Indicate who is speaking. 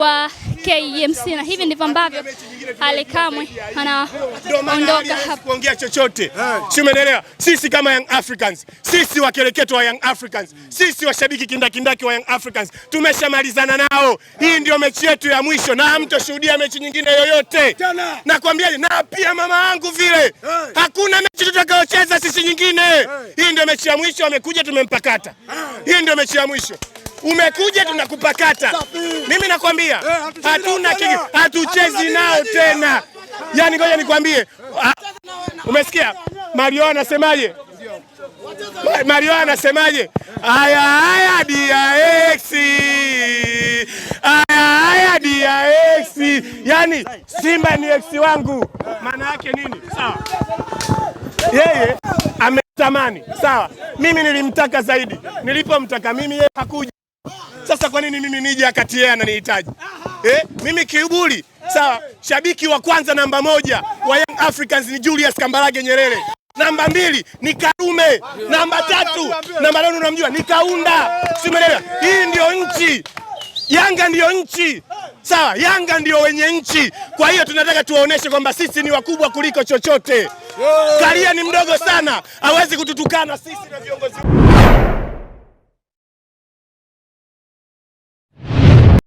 Speaker 1: wa KMC e na hivi ndivyo ambavyo Ali Kamwe anaondoka hapa.
Speaker 2: Kuongea chochote si umeelewa? Sisi kama Young Africans, sisi wakereketo wa Young Africans, sisi washabiki kindakindaki wa Young Africans tumeshamalizana nao. Hii ndio mechi yetu ya mwisho na hamtoshuhudia mechi nyingine yoyote, nakwambia. Na pia mama yangu vile, hakuna mechi tutakayocheza sisi nyingine. Hii ndio mechi ya mwisho, amekuja tumempakata. Hii ndio mechi ya mwisho. Umekuja tunakupakata. Mimi nakwambia eh, hatuna hatuchezi nao tena. Yaani ngoja nikwambie. Ah, umesikia? Mario anasemaje? Mario anasemaje? Haya haya DRX. Haya haya exi. Yaani Simba ni exi wangu. Maana yake nini? Sawa. Yeye ametamani. Sawa. Mimi nilimtaka zaidi. Nilipomtaka mimi yeye hakuja. Sasa kwa nini mimi nije akati yeye ananihitaji eh? Mimi kiburi sawa. Shabiki wa kwanza namba moja wa Young Africans ni Julius Kambarage Nyerere, namba mbili ni Karume, namba tatu namba nane unamjua ni Kaunda, simeelewa? Hii ndio nchi Yanga ndiyo nchi sawa, Yanga ndio wenye nchi. Kwa hiyo tunataka tuwaoneshe kwamba sisi ni wakubwa kuliko chochote. Karia ni mdogo sana, hawezi kututukana sisi na viongozi